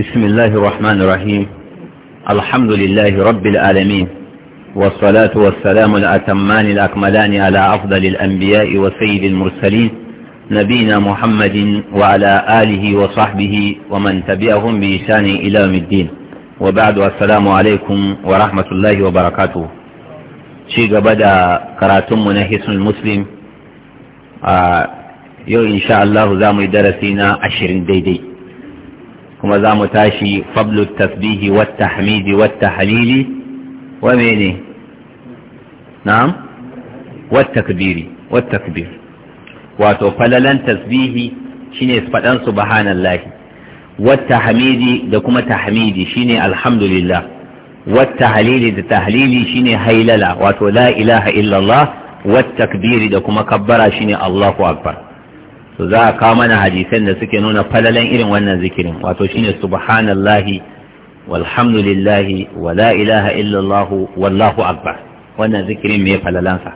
بسم الله الرحمن الرحيم الحمد لله رب العالمين والصلاة والسلام الأتمان الأكملان على أفضل الأنبياء وسيد المرسلين نبينا محمد وعلى آله وصحبه ومن تبعهم بإشان إلى يوم الدين وبعد السلام عليكم ورحمة الله وبركاته شيء بدأ قراتم منهس المسلم آه، يو إن شاء الله زام درسينا عشرين ديدي دي. kuma za mu tashi fablut tasbihi wa tahmidi wa halili wa mene na'am wa takbiri wa takbir wato falalan tasbihi shine fadan subhanallahi wa tahmidi da kuma tahmidi shine alhamdulillah wa halili da tahlili shine hailala wato la ilaha illallah wa takbiri da kuma kabbara shine Allahu akbar to za a kawo mana hadisan da suke nuna falalan irin wannan zikirin wato shine subhanallahi walhamdulillahi wa la ilaha illallah wallahu akbar wannan zikirin mai falalansa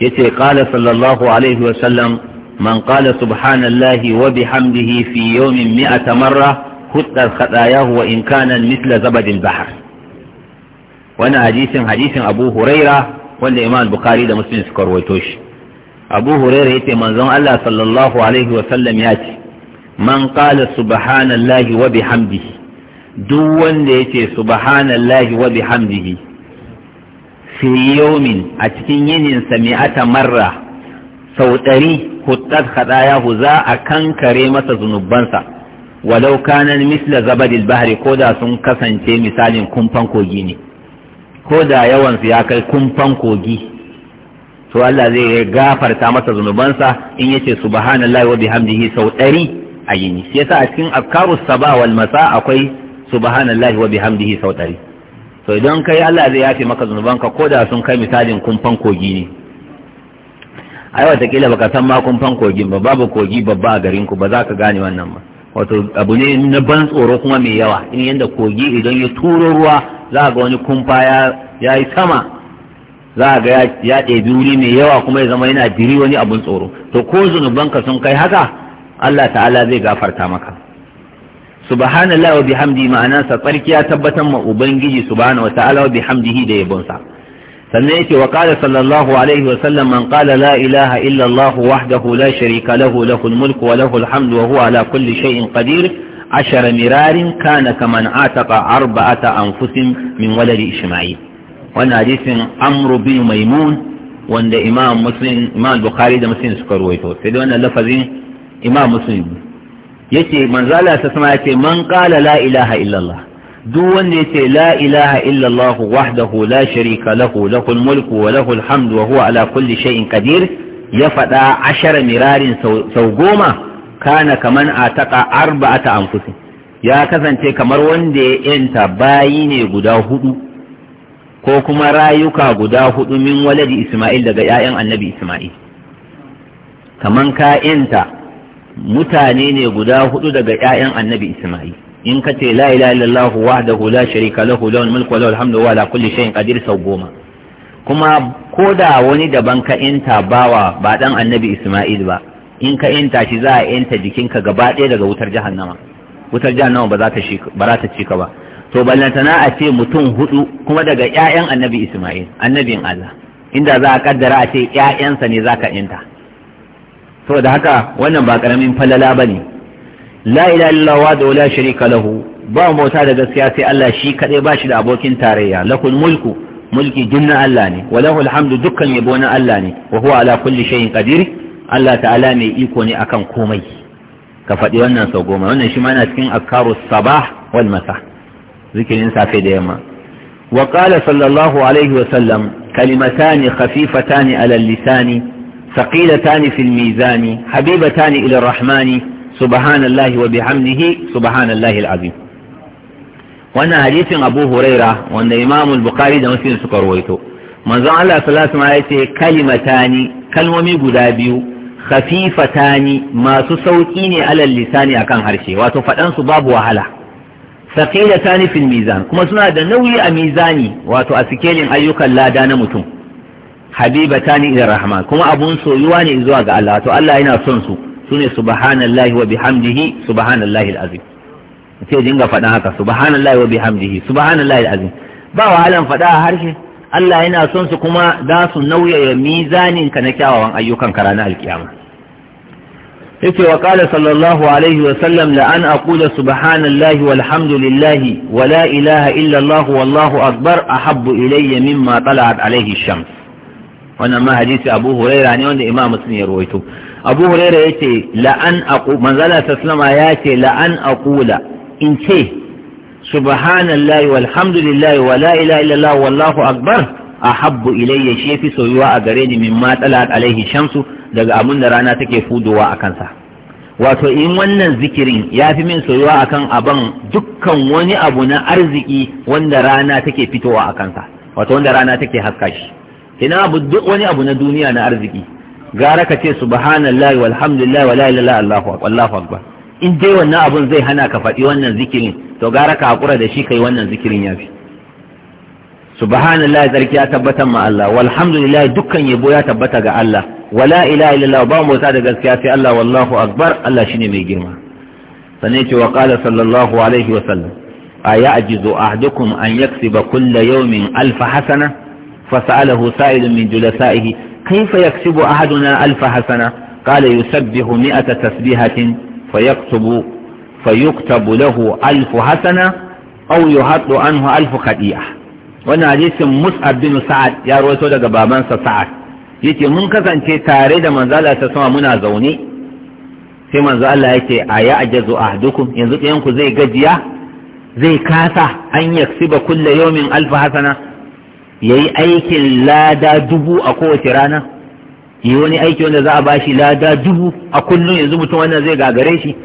yace qala sallallahu alaihi wa sallam man qala subhanallahi wa bihamdihi fi yawmin mi'ata marra huddat khatayahu wa in kana mithla zabadil bahr wannan hadisin hadisin Abu Huraira wanda Imam Bukhari da Muslim suka rawaito shi abu huraira yace manzon Allah sallallahu alaihi wa sallam ya ce man qala subhanallahi wa bihamdihi duk wanda yace subhanallahi wa bihamdihi fi yawmin a cikin yinin sa atamarra? marra sau ɗari huttat khadayahu za a kankare masa zunubansa walau kanan misla zabadil ko da sun kasance misalin kumfan kogi ne ko da yawansu ya kai kumfan kogi to Allah zai gafarta masa zunubansa in yace subhanallahi wa bihamdihi sau ɗari a yini shi yasa a cikin afkarus saba wal masa akwai subhanallahi wa bihamdihi sau ɗari to idan kai Allah zai yafe maka zunubanka ko da sun kai misalin kumfan kogi ne ai watakila baka san ma kumfan kogin ba babu kogi babba a garin ku ba za ka gane wannan ba wato abu ne na ban tsoro kuma mai yawa in yanda kogi idan ya turo ruwa za ga wani kumfa ya yi sama za a ga ya ɗebi wuri mai yawa kuma ya zama yana diri wani abun tsoro to ko zunubanka sun kai haka Allah ta'ala zai gafarta maka subhanallahi wa bihamdi ma'anansa ya tabbatar ma ubangiji subhanahu wa ta'ala wa bihamdihi da yabonsa sannan yake wa qala sallallahu alaihi wa sallam man qala la ilaha illa Allah wahdahu la sharika lahu lahul mulku wa lahul hamdu wa huwa ala kulli shay'in qadir ashara mirarin kana kaman ataqa arba'ata anfusin min waladi ishma'il wannan hadisin amru bin maimun wanda imam muslim imam bukhari da muslim suka ruwaito sai da wannan lafazin imam muslim yace manzo Allah ta sama yace man qala la ilaha illallah duk wanda yace la ilaha illallah wahdahu la sharika lahu lahul mulku wa lahul hamdu wa huwa ala kulli shay'in qadir ya fada ashara mirarin sau goma kana kaman ataka arba'ata anfusi ya kasance kamar wanda ya yanta bayi ne guda hudu ko kuma rayuka guda hudu min waladi Ismail daga ‘ya'yan annabi Ismail, kaman ka'inta mutane ne guda hudu daga ‘ya'yan annabi Ismail, in ka ce la ila illallah wahdahu la sharika lahu lahul mulku wa lahul hamdu wa la kulli shay'in qadir sau goma kuma ko da wani daban ka’inta bawa ba dan annabi Ismail ba in ka’inta shi za a ‘yanta jikinka gaba ɗaya daga wutar jahannama wutar jahannama ba za ta ci ka ba to ballantana a ce mutum hudu kuma daga ƴaƴan annabi Ismail annabin Allah inda za a kaddara a ce ƴaƴansa ne zaka inta da haka wannan ba karamin falala bane la ilaha illallah wa la lahu ba mota da gaskiya sai Allah shi kaɗai ba shi da abokin tarayya lakul mulku mulki jinna Allah ne wa lahul hamdu dukkan yabo na Allah ne wa huwa ala kulli shay'in qadir Allah ta'ala mai iko ne akan komai ka faɗi wannan sau goma wannan shi ma yana cikin akaru sabah wal masa zikirin safe da yamma wa qala sallallahu alaihi wa sallam kalimatani khafifatani ala lisani thaqilatani fil mizani habibatani ila rahmani subhanallahi wa bihamdihi subhanallahi alazim wannan hadisin abu huraira wanda imamu bukhari da muslim suka rawaito manzon Allah sallallahu alaihi wasallam ce kalimatani kalmomi guda biyu khafifatani masu sauki ne alal lisani akan harshe wato fadan su babu wahala mizan kuma ثقيلتان في الميزان كما سنا ده نوي الميزاني واتو اسكيلين ايوكا لا دا نمتون حبيبتان الى kuma abun soyuwa ne zuwa ga Allah to Allah yana son su sune subhanallahi wa bihamdihi subhanallahi alazim sai dinga faɗa haka subhanallahi wa bihamdihi subhanallahi alazim ba wahalan faɗa a harshe Allah yana son su kuma za su nauya mizanin ka na kyawawan ayyukan kara na alkiyama yake wa qala sallallahu alaihi wa sallam la an aqula subhanallahi walhamdulillahi wa la ilaha illa Allah wallahu akbar ahabbu ilayya mimma tala'at alaihi shams wannan ma hadisi Abu Hurairah ne wanda Imam Muslim ya rawaito Abu Hurairah yace la an aqu manzala sallama yace la an aqula in ce subhanallahi walhamdulillahi wa la ilaha illa Allah wallahu akbar ahabbu ilayya shi fi soyuwa a gare ni min ma talat alaihi shamsu daga abun da rana take fudowa a kansa wato in wannan zikirin ya fi min soyuwa akan aban dukkan wani abu na arziki wanda rana take fitowa a kansa wato wanda rana take haska shi ina abu duk wani abu na duniya na arziki gara ka ce subhanallahi walhamdulillahi wala ilaha illallah wallahu akbar in dai wannan abun zai hana ka faɗi wannan zikirin to gara ka hakura da shi kai wannan zikirin ya fi. subhanallahi tsarki ya tabbatar ma Allah walhamdulillah dukkan yabo ya tabbata ga Allah wala ilaha illallah ba mu da gaskiya sai Allah wallahu akbar Allah shine mai girma sannan ce wa qala sallallahu alaihi wa sallam aya ajizu ahdukum an yaksiba kulla yawmin alf hasana fasalahu sa'ilun min julasaihi kayfa yaksibu ahaduna alf hasana qala yusabbihu mi'ata tasbihatin fayaktubu fayuktabu lahu alf hasana aw yuhaddu anhu alf khadi'ah wannan hadisin mus'ab bin sa'ad ya rawaito daga babansa sa'ad yace mun kasance tare da manzo Allah ta sama muna zaune sai manzo Allah yake a ajazu ahdukum yanzu ɗayan ku zai gajiya zai kasa an yaksiba kulla yawmin alf hasana yayi aikin lada dubu a kowace rana yi wani aiki wanda za a bashi lada dubu a kullum yanzu mutum wannan zai gagare shi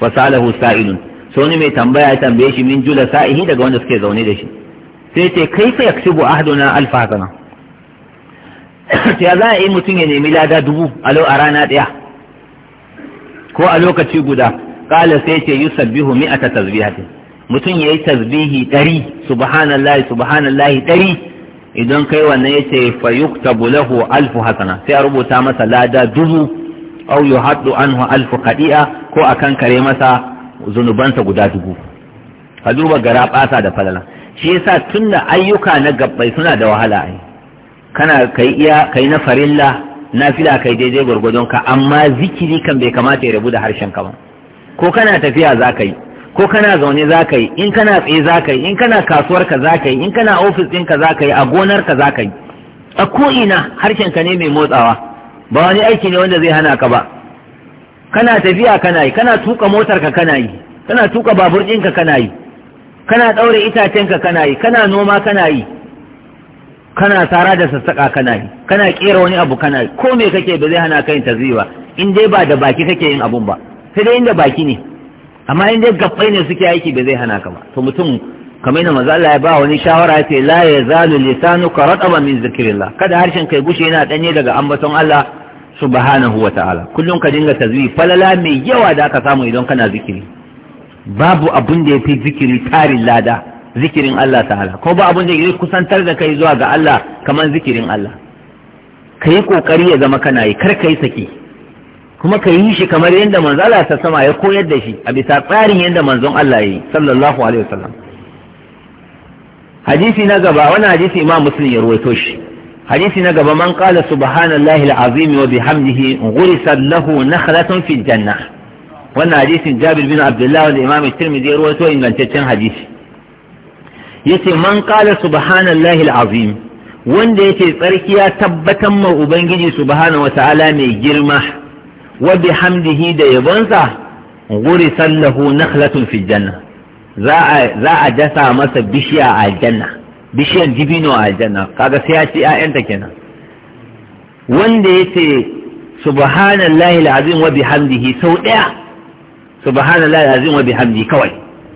fasalahu sa'ilun sai wani mai tambaya ya tambaye shi min jula sa'ihi daga wanda suke zaune da shi sai ce kai fa shigo a alfa hasana ya za a yi mutum ya nemi lada dubu a rana ɗaya ko a lokaci guda kala sai ce yusabbihu mi'ata tasbihati mutum ya yayi tasbihi ɗari subhanallahi subhanallahi ɗari idan kai wannan ce fa yuktabu lahu alfu hasana sai a rubuta masa lada dubu aw yuhaddu anhu alfu qadi'a ko akan kare masa zunubansa guda dubu ka duba gara ɓasa da falala shi yasa tunda ayyuka na gabbai suna da wahala ai kana kai iya kai na farilla fila kai daidai gwargwadon ka amma zikiri kan bai kamata ya rabu da harshen ka ba ko kana tafiya za ka yi ko kana zaune za ka yi in kana tsaye za ka yi in kana kasuwar ka za ka yi in kana ofis din ka za ka yi a gonar ka za ka yi a ko'ina harshen ka ne mai motsawa ba wani aiki ne wanda zai hana ka ba kana tafiya kana yi kana tuka motar ka kana yi kana tuka babur ɗinka kana yi kana ɗaure itacenka kana yi kana noma kana yi kana tsara da sassaƙa kana yi kana ƙera wani abu kana yi ko me kake ba zai hana kai tazwiwa in dai ba da baki kake yin abun ba sai dai inda baki ne amma in dai gabbai ne suke aiki ba zai hana ka ba to mutum kamar yana manzo Allah ya ba wani shawara yace la ya yazalu lisanuka rataba min zikrillah kada harshen kai gushe yana danye daga ambaton Allah subhanahu wa ta'ala kullum ka dinga tazwi falala mai yawa da aka samu idan kana zikiri babu abun da ya fi zikiri tarin lada zikirin Allah ta'ala ko ba abun da ya kusantar da kai zuwa ga Allah kamar zikirin Allah ka yi kokari ya zama kana yi kar ka yi saki kuma ka yi shi kamar yadda manzon Allah ta sama ya koyar da shi a bisa tsarin yadda manzon Allah ya yi sallallahu alaihi wasallam hadisi na gaba wani hadisi imam muslim ya ruwaito shi hadisi na gaba man qala subhanallahi alazim wa bihamdihi ghurisat lahu nakhlatun fil jannah wannan hadisin jabir bin abdullahi wanda imam tirmidhi ya rawaito ingantaccen hadisi yace man qala subhanallahi alazim wanda yace tsarki ya tabbatar ma ubangiji subhanahu wataala mai girma wa bihamdihi da yabonsa guri sallahu nakhlatun fi janna za a za a dasa masa bishiya a aljanna bishiyar dibino a janna kaga sai ya ci ƴaƴanta kenan wanda yace subhanallahi alazim wa bihamdihi sau daya subhanallahi azim wa bihamdi kawai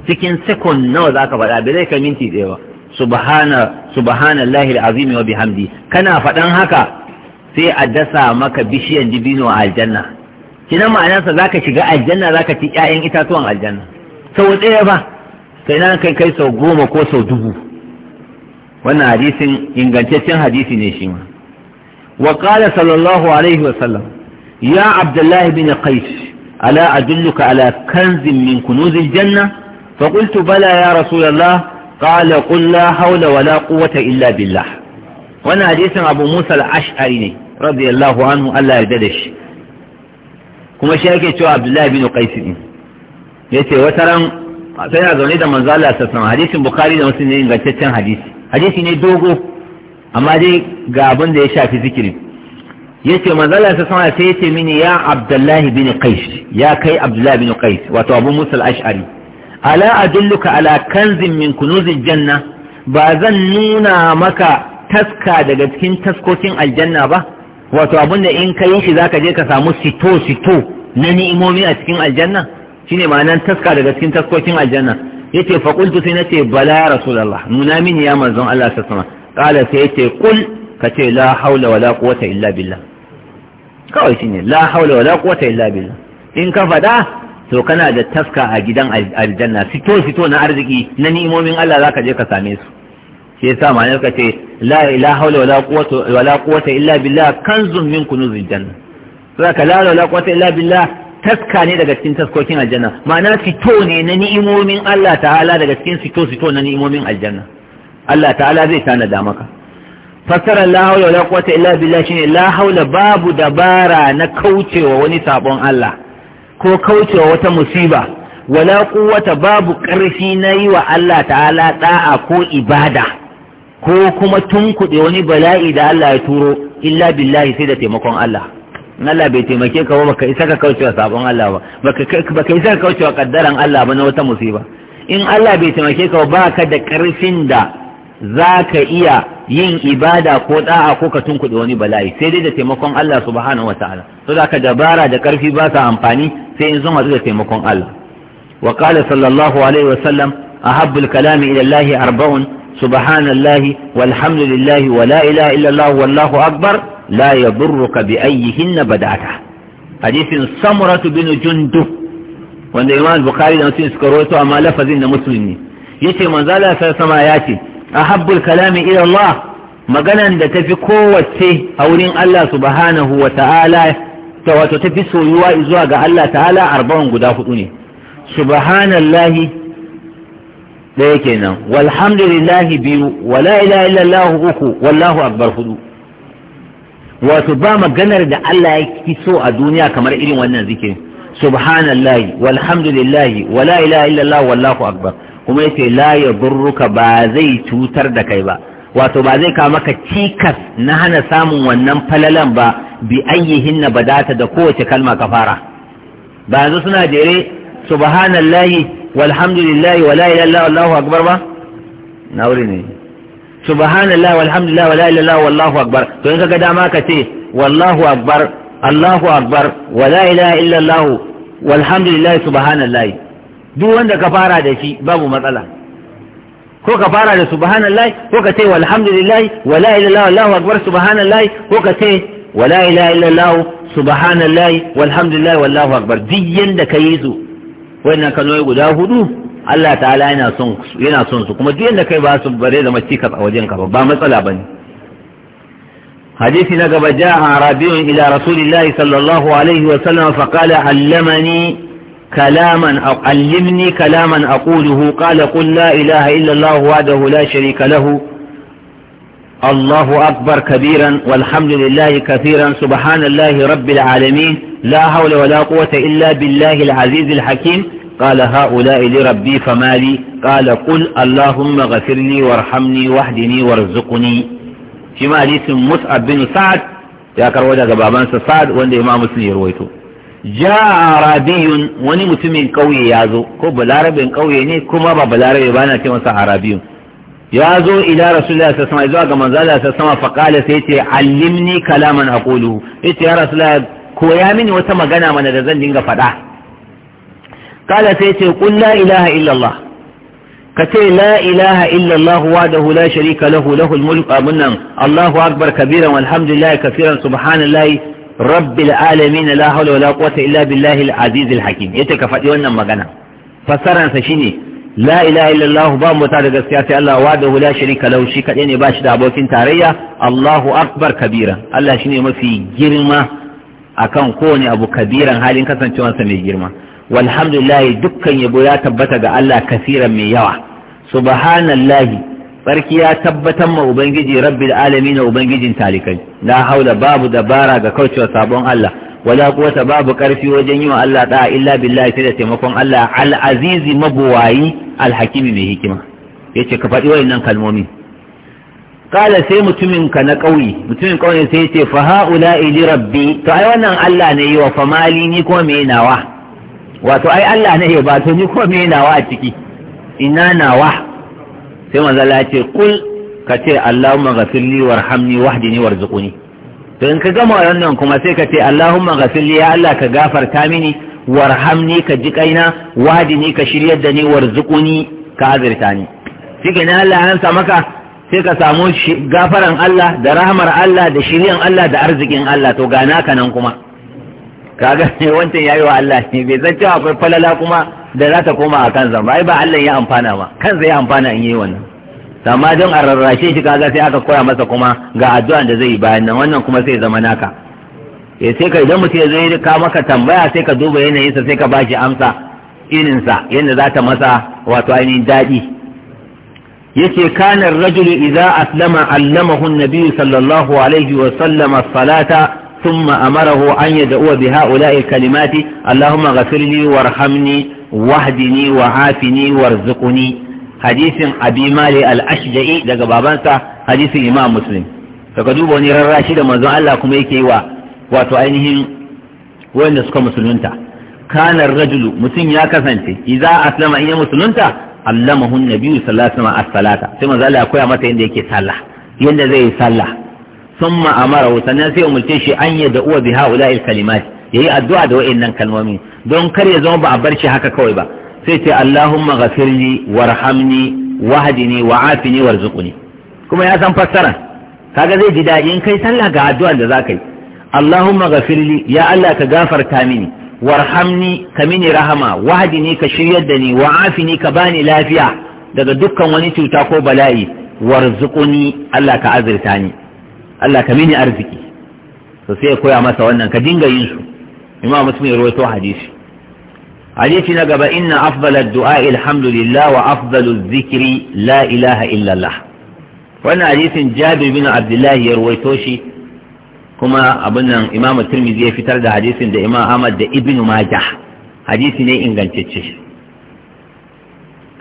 cikin second nawa zaka faɗa bai zai kai minti ɗaya ba subhana subhanallahi alazim wa bihamdi kana faɗan haka sai a dasa maka bishiyan dibino a aljanna ma'anar sa zaka shiga aljanna zaka ci ƴaƴan itatuwan aljanna sau ɗaya ba sai nan kai kai sau goma ko sau dubu wannan hadisin ingantaccen hadisi ne shi ma wa qala sallallahu alaihi wa sallam ya abdullahi bin qais ala adulluka ala kanzin min kunuzil janna fa qultu bala ya rasu qala qul la hawla wala quwwata illa billah wannan hadisin abu musa al-ash'ari ne radiyallahu anhu Allah ya yarda da shi kuma shi yake cewa abdullahi bin qais din yace wata ran sai ya zaune da manzo Allah sallallahu alaihi wasallam hadisin bukhari da muslim ne ingantaccen hadisi hadisi ne dogo amma dai ga abin da ya shafi zikirin yace manzala sa sama sai yace mini ya abdullahi bin qais ya kai abdullahi bin qais wato abu musa al-ash'ari ala adulluka ala kanzin min kunuzil janna ba zan nuna maka taska daga cikin taskokin aljanna ba wato da in ka yi shi zaka je ka samu sito sito na ni'imomi a cikin aljanna shine ma'anan taska daga cikin taskokin aljanna yace fa qultu sai nace bala rasulullah nuna mini ya manzon Allah sallallahu alaihi wasallam qala sai yace qul kace la haula wala quwwata illa billah kawai shine la haula wala quwwata illa billah in ka fada to kana da taska a gidan aljanna fito fito na arziki na ni'imomin Allah zaka je ka same su shi yasa ma ne ce la ilaha wala quwwata wala quwwata illa billah kanzun min kunuzil janna zaka la haula wala quwwata illa billah taska ne daga cikin taskokin aljanna ma'ana fito ne na ni'imomin Allah ta'ala daga cikin fito fito na ni'imomin aljanna Allah ta'ala zai tanada maka Fasara la haula wala quwwata illa billah shine la haula babu dabara na kaucewa wani sabon Allah ko kaucewa wata musiba wala quwwata babu karfi na yi wa Allah ta'ala da'a ko ibada ko kuma tunkuɗe wani bala'i da Allah ya turo illa billahi sai da taimakon Allah Allah bai taimake ka ba baka isa ka kaucewa sabon Allah ba baka isa ka kaucewa kaddaran Allah ba na wata musiba in Allah bai taimake ka ba ka da karfin da zaka iya yin ibada ko da'a ko ka tunkuɗe wani bala'i sai dai da taimakon Allah subhanahu wataala to da ka dabara da ƙarfi ba sa amfani sai in sun hadu da taimakon Allah wa qala sallallahu alaihi wa sallam ahabbul kalami ila Allah arba'un subhanallahi walhamdulillahi wa la ilaha illa Allah wallahu akbar la yadurruka bi ayyihinna bada'ata Hadithin samuratu bin jundub wanda imam bukhari da muslim suka rawaito amma lafazin da muslim ne yace manzo Allah sallallahu alaihi wa ya ce habbul kalami ila Allah maganan da tafi kowace a wurin Allah subhanahu wa ta'ala ta wato soyuwa zuwa ga Allah ta'ala arba'un guda hudu ne subhanallahi ɗaya kenan walhamdulillahi biyu wala ilaha illallah uku wallahu akbar hudu wato ba maganar da Allah ya ki so a duniya kamar irin wannan zikirin subhanallahi walhamdulillahi wala kuma yace la yadurruka ba zai cutar da kai ba wato ba zai kawo maka cikas na hana samun wannan falalan ba bi ayyihin na badata da kowace kalma ka fara ba yanzu suna jere subhanallahi walhamdulillahi wala ilaha illa wallahu akbar ba na ne subhanallahi walhamdulillahi wala ilaha wallahu akbar to in kaga dama ka ce wallahu akbar allahu akbar wala ilaha walhamdulillahi subhanallahi duk wanda ka fara da shi babu matsala ko ka fara da subhanallahi ko ka ce walhamdulillahi wala ilaha illallah akbar subhanallahi ko ka ce wala ilaha illallah subhanallahi walhamdulillahi wallahu akbar duk yanda ka yi su wannan kalmomi guda hudu Allah ta'ala yana son yana son su kuma duk yanda kai ba su bare da cikas a wajen ka ba ba matsala bane حديث نقب جاء عربي إلى رسول الله صلى الله عليه وسلم فقال علمني كلاما علمني كلاما أقوله قال قل لا إله إلا الله وحده لا شريك له الله أكبر كبيرا والحمد لله كثيرا سبحان الله رب العالمين لا حول ولا قوة إلا بالله العزيز الحكيم قال هؤلاء لربي فما لي قال قل اللهم غفر لي وارحمني واهدني وارزقني فيما ليس مصعب بن سعد يا كروجا بابان سعد وان امام مسلم يرويته ja'a arabiyun wani mutumin kauye ya zo ko balarabin kauye ne kuma ba balarabe ba na ce masa arabiyun ya zo ila rasulullahi sallallahu alaihi wasallam ga manzo Allah sallallahu alaihi sai ce allimni kalaman aqulu yace ya rasulullahi koya mini wata magana mana da zan dinga faɗa kala sai ce qul la ilaha illa Allah ka ce la ilaha illa Allah wahdahu la sharika lahu lahul mulku abunan Allahu akbar kabiran walhamdulillahi kaseeran subhanallahi rabbil alamin la hawla wala quwwata illa billahi al-aziz al-hakim yace ka faɗi wannan magana Fassararsa sa shine la ilaha illallah ba mu ta da gaskiya sai Allah wahdahu la sharika lahu shi kadai ne ba shi da abokin tarayya Allahu akbar kabira Allah shine mafi girma akan kowane abu kabiran halin kasancewarsa mai girma walhamdulillah dukkan yabo ya tabbata ga Allah kasiran mai yawa subhanallahi Barki ya tabbatar ma ubangiji da alami na ubangijin talikai hau haula babu dabara ga kaucewa sabon Allah wala quwwata babu karfi wajen yi wa Allah da illa billahi sai da taimakon Allah al'azizi, mabuwayi alhakimi mai hikima yace ka faɗi wayannan kalmomi kala sai mutumin ka na ƙauye mutumin ƙauye sai yace fa haula ili rabbi to ai wannan Allah ne yi wa Famali ni kuma me nawa wato ai Allah ne ya ba to ni kuma me nawa a ciki ina nawa sai manzo Allah ya ce kul ka ce Allahumma ghafirli warhamni wahdini warzuqni to in ka gama wannan kuma sai ka ce Allahumma ghafirli ya Allah ka gafarta mini warhamni ka ji kaina wahdini ka shiryar da ni warzuqni ka azirta ni shike ne Allah ya sa maka sai ka samu gafaran Allah da rahmar Allah da shiryan Allah da arzikin Allah to ga naka nan kuma kaga ne wancan yayi wa Allah ne bai zan cewa akwai falala kuma da za ta koma a kansa ba ai ba Allah ya amfana ba kansa ya amfana in yi wannan amma don a rarrashe shi kaga sai aka koya masa kuma ga addu'an da zai yi bayan nan wannan kuma sai zama naka ya eh, sai ka idan mutum ya zo ka maka tambaya sai ka duba yanayinsa sai ka ba shi amsa sa yadda za ta masa wato ainihin daɗi yace kana rajulu idza aslama allamahu an sallallahu alaihi wa sallama salata ثم أمره أن يدعو بهؤلاء الكلمات اللهم غفر لي وارحمني واهدني وعافني وارزقني حديث أبي مالي الأشجعي دقى بابانسا حديث إمام مسلم فقدوب ونرى الراشد منذ الله كم يكيوا واتوأينهم وين نسكى مسلمتا كان الرجل مسلم يا كفنتي إذا أسلم إيا مسلمتا علمه النبي صلى الله عليه وسلم الصلاة ثم ذلك أقول متى إن ديكي صلى يند زي صلى summa amara sannan sai umulce shi an da uwa bi haula'il kalimat yayi addu'a da wa'annan kalmomi don kar ya zama ba a bar shi haka kawai ba sai ce Allahumma ghafirli warhamni wahdini wa'afini warzuqni kuma ya san fassara kaga zai ji daɗi in kai sallah ga addu'ar da zaka yi Allahumma ghafirli ya Allah ka gafarta mini warhamni ka mini rahama wahdini ka shiryar da ni wa'afini ka bani lafiya daga dukkan wani cuta ko bala'i warzuqni Allah ka azurta ni Allah ka mini arziki to sai ya koya masa wannan ka dinga yin su imam muslim ya rawaito hadisi hadisi na gaba inna afdala du'a alhamdulillah wa afdalu zikiri, la ilaha illa Allah wannan hadisin Jabir bin Abdullah ya rawaito shi kuma abin nan imam Tirmidhi ya fitar da hadisin da imam Ahmad da Ibn Majah hadisi ne ingantacce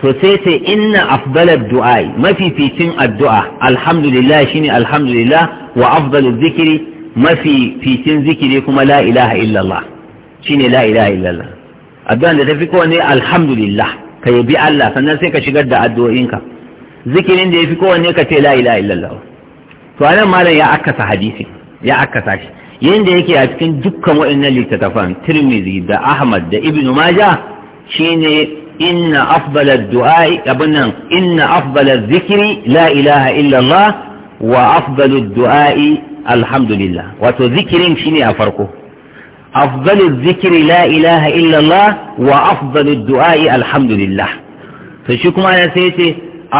to sai ce inna afdalar du'ai mafificin addu'a alhamdulillah shine alhamdulillah wa afdalul zikiri mafificin zikiri kuma la ilaha illallah shine la ilaha illallah Addu'an da tafi kowane alhamdulillah ka yabi Allah sannan sai ka shigar da addu'o'inka zikirin da ya yafi kowane ka ce la ilaha illallah to anan malam ya akasa hadisi ya akasa shi yanda yake a cikin dukkan waɗannan littattafan Tirmidhi da Ahmad da Ibn Majah shine inna afdala du'a'i abunan inna afdala zikri la ilaha illa wa afdala du'a'i alhamdulillah wato zikirin shine a farko afdala zikri la ilaha illa wa afdala du'a'i alhamdulillah to shi kuma ya sai ce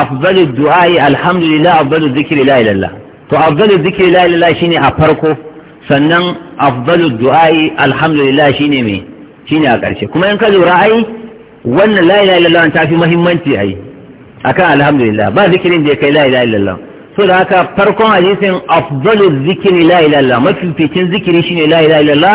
afdala du'a'i alhamdulillah afdala zikri la ilaha illa to afdala zikri la ilaha illa shine a farko sannan afdala du'a'i alhamdulillah shine me shine a karshe kuma in ka lura ai wannan la ilaha illallah ta fi muhimmanci ai akan alhamdulillah ba zikirin da kai la ilaha illallah so da haka farkon hadisin afdalu zikiri la ilaha illallah mafificin zikiri shine la ilaha illallah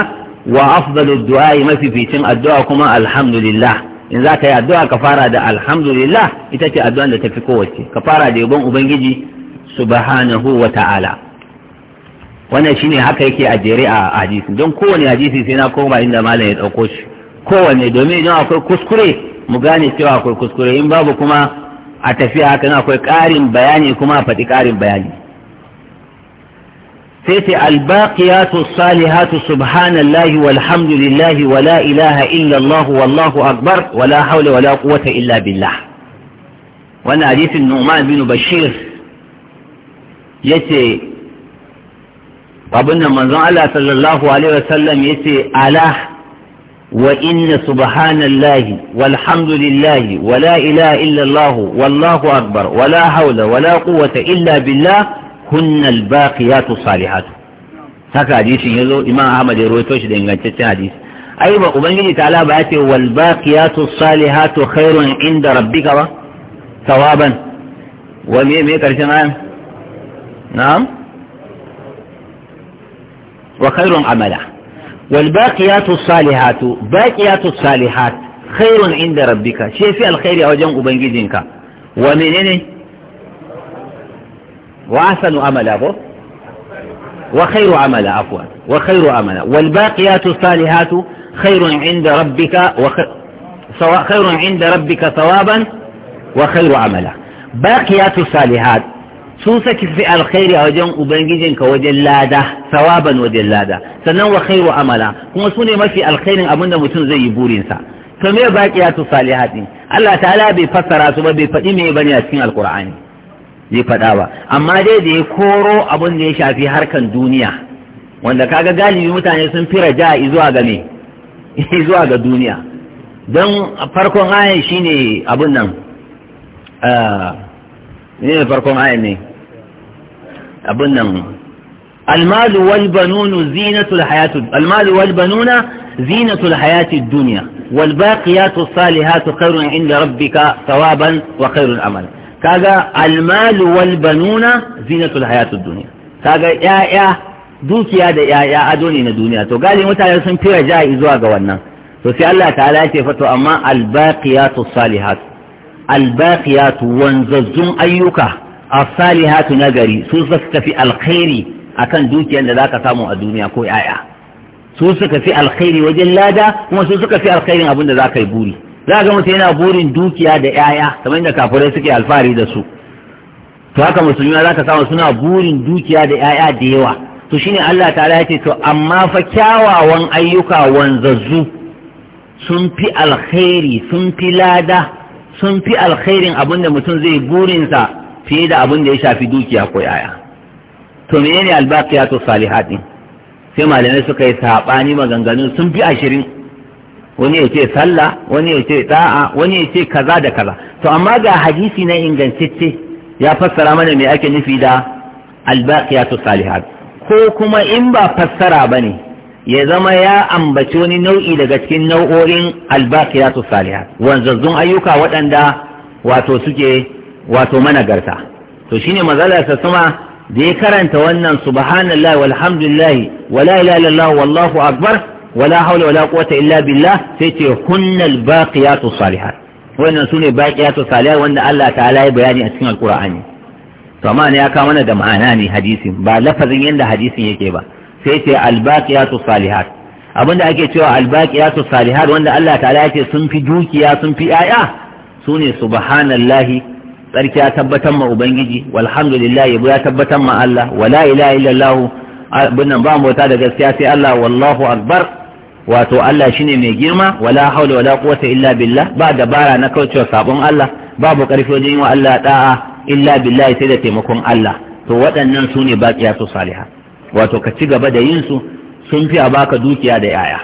wa afdalu du'a mafificin addu'a kuma alhamdulillah in za ka yi addu'a ka fara da alhamdulillah ita ce addu'an da tafi kowace ka fara da yabon ubangiji subhanahu wa ta'ala wannan shine haka yake a jere a hadisi don kowane hadisi sai na koma inda malam ya dauko shi kowanne domin idan akwai kuskure mu gane cewa akwai kuskure in babu kuma a tafiya haka na akwai ƙarin bayani kuma a faɗi ƙarin bayani sai ce albaqiyatu salihatu subhanallahi walhamdulillahi wala ilaha illa Allah wallahu akbar wala haula wala quwwata illa billah wannan hadisin Nu'man bin Bashir yace abin nan manzon Allah sallallahu alaihi wasallam yace ala وإن سبحان الله والحمد لله ولا إله إلا الله والله أكبر ولا حول ولا قوة إلا بالله هن الباقيات الصالحات هكا حديث يزو إمام أحمد يرويتوش دين قد حديث أيضا أبنجي تعالى بأتي والباقيات الصالحات خير عند ربك ثوابا ومي مي كرشنا نعم وخير عملا والباقيات الصالحات باقيات الصالحات خير عند ربك شيء في الخير أو جنق بنجدينك ومنين وأحسن عمل أبو وخير عمل عفوا وخير عمل والباقيات الصالحات خير عند ربك وخير خير عند ربك ثوابا وخير عملا باقيات الصالحات sun saki fi alkhairi a wajen ubangijinka wajen lada sawaban wajen lada sannan wa khairu amala kuma su ne mafi alkhairin abin da mutum zai yi burinsa to me baqiyatu salihati Allah ta'ala bai fassara su ba bai faɗi me bane a cikin alqur'ani bai faɗa ba amma dai da ya koro abin da ya shafi harkan duniya wanda kaga galibi mutane sun fira ja zuwa ga me zuwa ga duniya don farkon ayan shine abun nan eh, ne farkon ayan ne abin nan almalu wal banunu zinatul hayatid almalu wal banuna zinatul hayatid dunya wal baqiyatu salihatu khairun inda rabbika thawaban wa khairun amal kaga almalu wal banuna zinatul hayatid dunya kaga ya'ya dukiya da ya'ya ado ne na duniya to gali mutane sun fira jahi zuwa ga wannan to sai Allah ta'ala ya ce fa to amma albaqiyatu salihatu albaqiyatu wanzazzun ayyuka as-salihatu nagari su suka fi alkhairi akan dukiyar da zaka samu a duniya ko yaya su suka fi alkhairi wajen lada kuma su suka fi alkhairin abin da zaka yi buri za ga mutum yana burin dukiya da yaya kamar yadda kafirai suke alfahari da su to haka musulmi za ka samu suna burin dukiya da yaya da yawa to shine Allah ta'ala ya ce to amma fa kyawawan ayyuka wanzazzu sun fi alkhairi sun fi lada sun fi alkhairin abinda mutum zai burinsa fiye da abin da ya shafi dukiya ko yaya to menene albaqiyatu salihat din sai malamai suka yi saɓani maganganun sun fi ashirin wani ya ce sallah wani ya ce da'a wani ya ce kaza da kaza to amma ga hadisi na ingantacce ya fassara mana me ake nufi da albaqiyatu salihat ko kuma in ba fassara bane ya zama ya ambaci wani nau'i daga cikin nau'o'in albaqiyatu salihat wanzazzun ayyuka waɗanda wato suke wato managarta to shine mazala ta sama da ya karanta wannan subhanallahi walhamdulillahi wala ilaha illallah wallahu akbar wala haula wala quwwata illa billah sai ce hunnal baqiyatu salihat wannan sune baqiyatu salihat wanda Allah ta'ala ya bayani a cikin alqur'ani to amma ne ya kawo mana da ma'ana ne hadisin ba lafazin yanda hadisin yake ba sai ce albaqiyatu salihat abinda ake cewa albaqiyatu salihat wanda Allah ta'ala ya ce sun fi dukiya sun fi 'ya'ya sune subhanallahi tsarki ya tabbatar ma ubangiji walhamdulillah yabo ya tabbatar ma Allah wala ilaha illallah bunnan ba mu da gaskiya sai Allah wallahu akbar wato Allah shine mai girma wala haula wala quwwata illa billah ba dabara na kaucewa sabon Allah babu karfi wajen wa Allah da'a illa billah sai da taimakon Allah to waɗannan su ne baqiya su saliha wato ka ci gaba da yin su sun fi a baka dukiya da yaya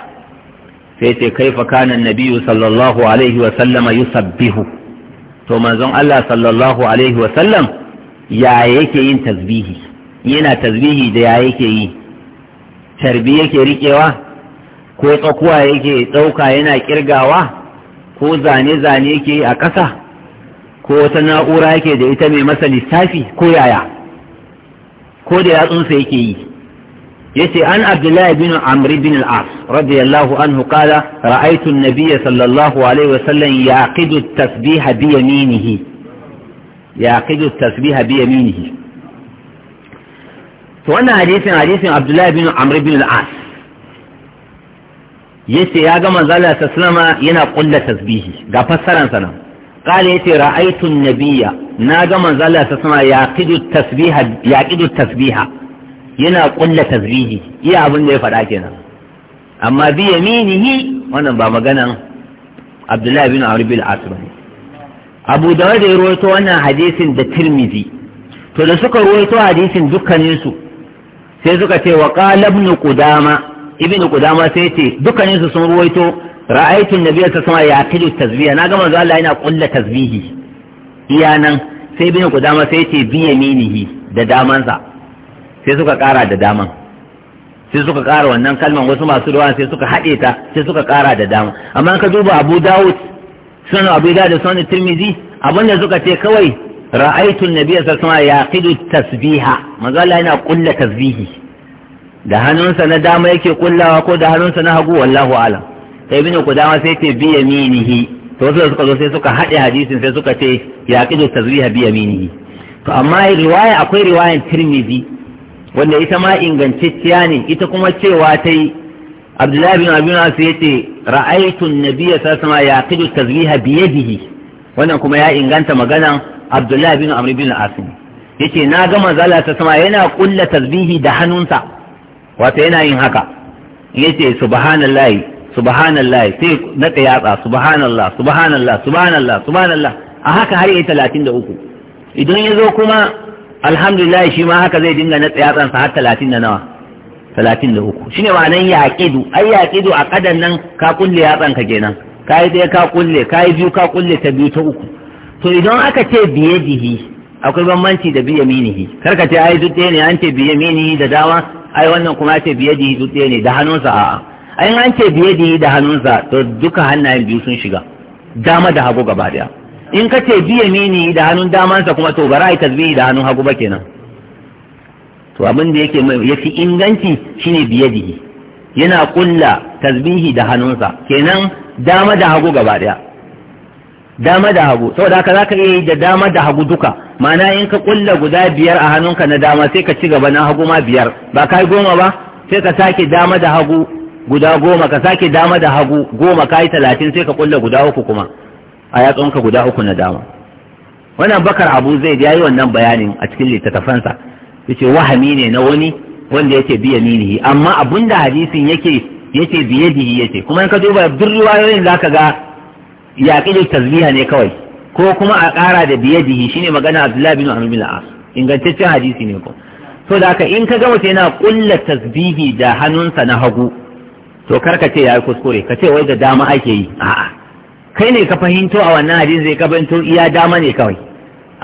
sai ce kaifa kana nabiyyu sallallahu alaihi wa sallama yusabbihu to manzon Allah sallallahu alaihi wasallam ya yake yin tasbihi yana tasbihi da ya yake yi tarbi yake riƙewa ko tsakuwa yake ɗauka yana kirgawa ko zane-zane yake a ƙasa ko wata na'ura yake da ita mai masa lissafi ko yaya ko da yatsunsa yake yi يتي عن عبد الله بن عمرو بن العاص رضي الله عنه قال رأيت النبي صلى الله عليه وسلم يعقد التسبيح بيمينه يعقد التسبيح بيمينه وانا حديث حديث عبد الله بن عمرو بن العاص yace ya ga manzala ta sallama yana kulla tasbihi ga fassaran sana kale yace ra'aytu an-nabiyya na ga manzala ta sallama yaqidu tasbiha yaqidu tasbiha yana kulla tasbihi iya abin da ya faɗa kenan amma bi yaminihi wannan ba maganan Abdullahi bin Amr bin As bane Abu Dawud ya rawaito wannan hadisin da Tirmidhi to da suka rawaito hadisin dukkanin su sai suka ce wa qala ibn Qudama ibn Qudama sai ce dukkanin su sun rawaito ra'aytu an-nabiyya sallallahu alaihi wasallam yaqilu tasbiha na ga manzo Allah yana kulla tasbihi iya nan sai ibn Qudama sai ce bi yaminihi da damansa sai suka kara da daman sai suka kara wannan kalman wasu masu ruwa sai suka haɗe ta sai suka kara da dama amma ka duba abu dawud sunan abu da sunan tirmizi abin da suka ce kawai ra'aitun nabi sallallahu alaihi yaqidu tasbiha manzo yana kulla tasbihi da hannunsa na dama yake kullawa ko da hannunsa na hagu wallahu alam sai bin dama sai ce bi yaminihi to wasu suka zo sai suka haɗe hadisin sai suka ce yaqidu tasbiha bi yaminihi to amma riwaya akwai riwayan tirmizi wanda ita ma ingantacciya ne ita kuma cewa ta yi abdullahi bin abin wasu ya ce ra'aitun nabiya ta sama ya kidu tasbiha biye-bihi. wannan kuma ya inganta maganan abdullahi bin amr bin asim ce na ga manzala ta sama yana kulla tasbihi da hannunsa wato yana yin haka ya yace subhanallahi subhanallahi sai na yatsa subhanallah subhanallah subhanallah subhanallah a haka har yi talatin da uku idan ya zo kuma alhamdulillah shi ma haka zai dinga na tsayatsansa har talatin da nawa talatin da uku shine ma'anan yaƙidu ai yaƙidu a kadan nan ka kulle yatsanka kenan ka yi ɗaya ka kulle ka yi biyu ka kulle ta biyu ta uku to idan aka ce biye dihi akwai bambanci da biye minihi karka ce ai duk ɗaya ne an ce biye minihi da dama ai wannan kuma ce biye dihi duk ɗaya ne da hannunsa a'a ai an ce biye dihi da hannunsa to duka hannayen biyu sun shiga dama da hagu gaba ɗaya in ka ce biya mini da hannun damansa kuma to bara yi tasbihi da hannun hagu ba kenan to abin da yake mai yafi inganci shine biye yana kulla tasbihi da hannunsa kenan dama da hagu gaba daya dama da hagu saboda haka zaka iya yi da dama da hagu duka ma'ana in ka kulla guda biyar a hannunka na dama sai ka ci gaba na hagu ma biyar ba kai goma ba sai ka sake dama da hagu guda goma ka sake dama da hagu goma kai talatin sai ka kulla guda uku kuma a yatsunka guda uku na dama wannan bakar abu zai ya yi wannan bayanin a cikin littattafansa ce wahami ne na wani wanda yake biya minihi amma da hadisin yake yake biye dihi yake kuma in ka duba duk riwayoyin zaka ga yaƙi tasbiha ne kawai ko kuma a ƙara da biye dihi shine magana Abdullahi bin Amr bin al ingantaccen hadisi ne ko to da haka in ka ga mutum yana kulla tasbihi da hannunsa na hagu to kar ka ce yayi kuskure ka ce wai da dama ake yi a'a kai ne ka fahimto a wannan hadisi zai ka fahimto iya dama ne kawai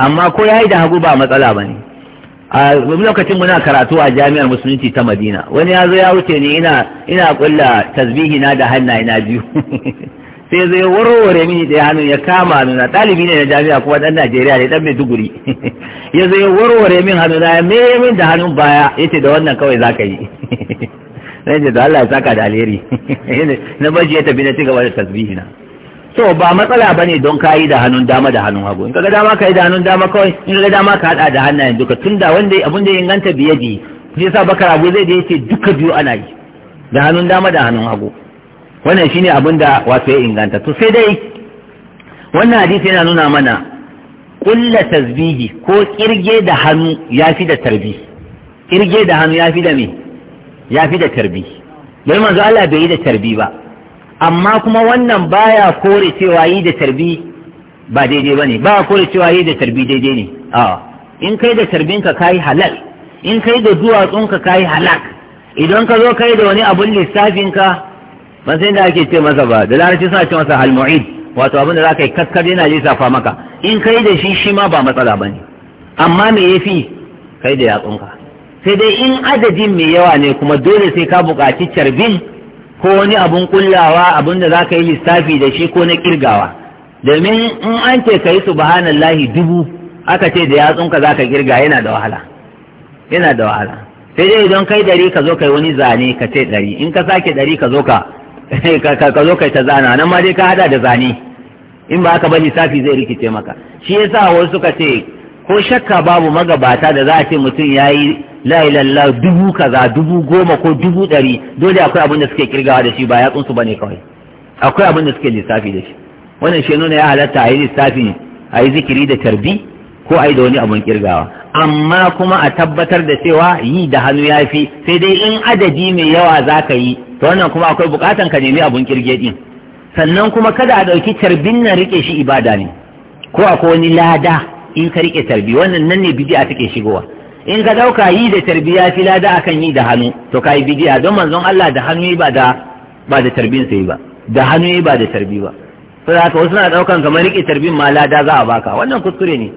amma ko ya yi da hagu ba matsala ba ne a lokacin muna karatu a jami'ar musulunci ta madina wani ya zo ya wuce ni ina ina kulla tasbihi na da hannaye na biyu sai zai warware mini da hannun ya kama nuna ɗalibi ne na jami'a kuma dan najeriya ne dan mai duguri ya zai warware min hannu na me min da hannun baya ya ce da wannan kawai za ka yi na yi da allah ya saka da alheri na baji ya tafi na cigaba da tasbihi na so ba matsala ba ne don kayi da hannun dama da hannun hagu in kaga dama ka yi da hannun dama kawai in kaga dama ka haɗa da hannayen duka tun da wanda abin da ya inganta biye biye je sa bakar abu zai da yake duka biyu ana yi da hannun dama da hannun hagu wannan shine abin da wato ya inganta to sai dai wannan hadisi yana nuna mana kulla tasbihi ko kirge da hannu ya fi da tarbi kirge da hannu ya fi da me ya fi da tarbi bai manzo Allah bai yi da tarbi ba amma kuma wannan baya kore cewa yi da tarbi ba daidai ba ne a kore cewa yi da tarbi daidai ne a in kai da tarbinka ka yi halal in kai da duwatsunka ka yi halak idan ka zo kai da wani abun lissafinka ban sai da ake ce masa ba da larabci suna ce masa halmu'id wato abin da za ka yi kaskar yana lissafa maka in kai da shi shi ma ba matsala ba ne amma me ya fi kai da yatsunka sai dai in adadin mai yawa ne kuma dole sai ka buƙaci carbin ko wani abun kullawa abun da za ka yi lissafi da shi ko na kirgawa domin in an ce ka yi subhanallahi dubu aka ce da yatsunka za ka kirga yana da wahala yana da wahala sai dai idan kai dari ka zo kai wani zane ka ce dari in ka sake dari ka zo ka ka zo kai ta zana nan ma dai ka hada da zane in ba aka ba lissafi zai rikice maka shi yasa wasu suka ce ko shakka babu magabata da za a ce mutum ya yi la'ilalla dubu kaza dubu goma ko dubu ɗari dole akwai abin da suke kirgawa da shi ba ya tsunsu ba ne kawai akwai abin da suke lissafi da shi wannan shi nuna ya halatta a yi lissafi a yi zikiri da tarbi ko a yi da wani abin kirgawa amma kuma a tabbatar da cewa yi da hannu ya fi sai dai in adadi mai yawa za ka yi to wannan kuma akwai bukatan ka nemi abin kirge din sannan kuma kada a ɗauki tarbin nan rike shi ibada ne ko akwai wani lada in ka riƙe tarbi wannan nan ne bidi'a take shigowa in ka dauka yi da tarbiya fi lada akan yi da hannu to kai bidi'a don manzon Allah da hannu ba da ba da tarbin sai ba da hannu ba da tarbi ba sai haka wasu na daukan kamar riƙe tarbin ma lada za a baka wannan kuskure ne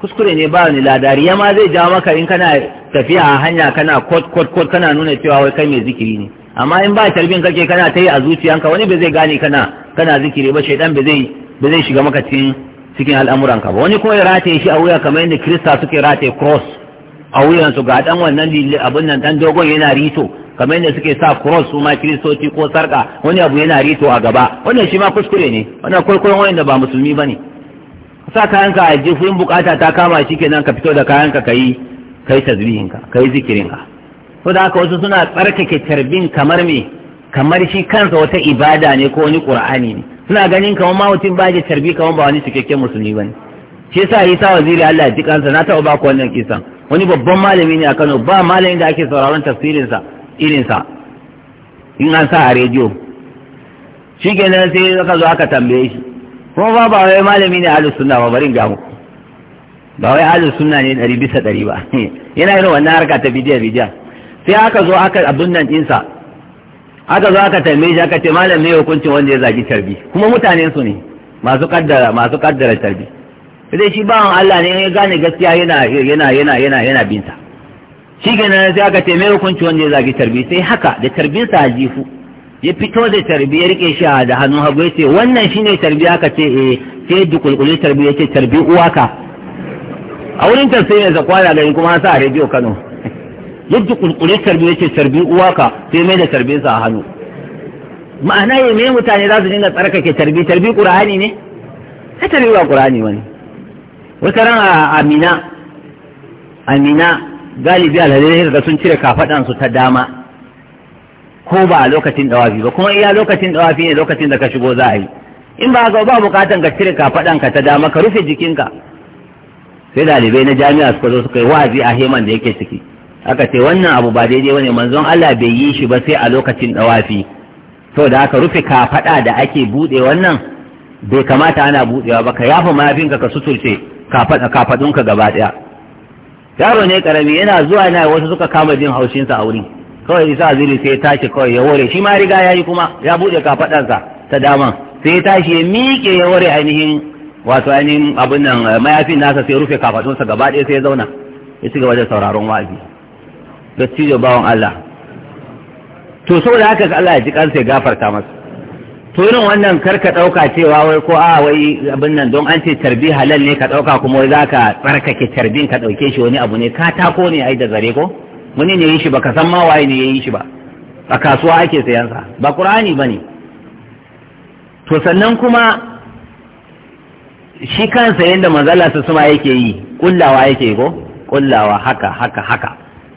kuskure ne ba ni ladariya ma zai ja maka in kana tafiya a hanya kana kot kot kot kana nuna cewa wai kai mai zikiri ne amma in ba tarbin kake kana ta yi a zuciyanka wani ba zai gane kana kana zikiri ba shaidan ba zai ba zai shiga maka cikin cikin al'amuranka ba wani kuma ya rataye shi a wuya kamar yadda kirista suke rataye cross a wuyansu ga dan wannan abin nan dan dogon yana rito kamar yadda suke sa cross su ma kristoci ko sarka wani abu yana rito a gaba wannan shi ma kuskure ne wannan kwaikwayon da ba musulmi bane sa kayanka a jifin bukata ta kama shi kenan ka fito da kayanka kai kai tasbihinka kai zikirinka Ko da haka wasu suna tsarkake tarbin kamar me kamar shi kansa wata ibada ne ko wani qur'ani ne suna ganin kamar ma mutum ba ya tarbi kamar ba wani cikakken musulmi bane shi yasa Isa waziri Allah ya ji kansa na taɓa ba ku wannan kisan wani babban malami ne a Kano ba malamin da ake sauraron tafsirin sa irin sa in an sa a rediyo shi kenan sai aka zo aka tambaye shi kuma ba ba wai malami ne ahlus sunna ba barin gamu ba wai ahlus sunna ne dari bisa dari ba yana irin wannan harka ta bidiyo bidiyo sai aka zo aka abun nan ɗinsa aka zo aka tambaye shi aka ce malam ne hukuncin wanda ya zagi tarbi kuma mutane su ne masu kaddara masu kaddara tarbi sai shi bawan Allah ne ya gane gaskiya yana yana yana yana yana binta shi nan sai aka ce me hukuncin wanda ya zagi tarbi sai haka da tarbinsa sa jifu ya fito da tarbi ya rike shi da hannun hagu ya ce wannan shine tarbi aka ce eh sai dukulkulin tarbi ya ce tarbi uwaka a wurin sai ya kwala gani kuma an sa a rediyo Kano yadda kulkure tarbi yake tarbi uwaka sai mai da carbe sa a hannu ma'ana ya mai mutane za su dinga tsarkake tarbi tarbi qur'ani ne ta tarbi ba qur'ani bane wata ran a amina amina galibi alhalai da sun cire kafadan su ta dama ko ba a lokacin dawafi ba kuma iya lokacin dawafi ne lokacin da ka shigo za a yi in ba ga ba bukatan ka cire kafadan ka ta dama ka rufe jikinka sai dalibai na jami'a suka zo suka yi wa'azi a heman da yake ciki aka ce wannan abu ba daidai wani manzon Allah bai yi shi ba sai a lokacin dawafi to da aka rufe kafada da ake bude wannan bai kamata ana budewa ba ka yafa mayafinka ka suturce kafadunka gaba daya yaro ne karami yana zuwa yana wasu suka kama jin haushinsa a wuri kawai isa azuri sai ya tashi kawai ya ware shi ma riga ya yi kuma ya bude kafadansa ta daman sai ya tashi ya miƙe ya ware ainihin wato ainihin abin nan mayafin nasa sai rufe kafadunsa gaba ɗaya sai ya zauna ya ci gaba da sauraron wa'azi da bawan Allah to saboda haka Allah ya ji kansa ya gafarta masa to irin wannan karka ka ɗauka cewa wai ko a ah, wai abin nan don an ce tarbi halal ne ka ɗauka kuma wai za ka tsarkake tarbin ka ɗauke shi wani abu ne ka tako ne ai da zare ko wani ne yin shi ba ka san ma waye ne ya yi shi ba a kasuwa ake sayansa ba ƙur'ani ba ne to sannan kuma shi kansa yadda mazalarsa su suma yake yi kullawa yake yi ko kullawa haka haka haka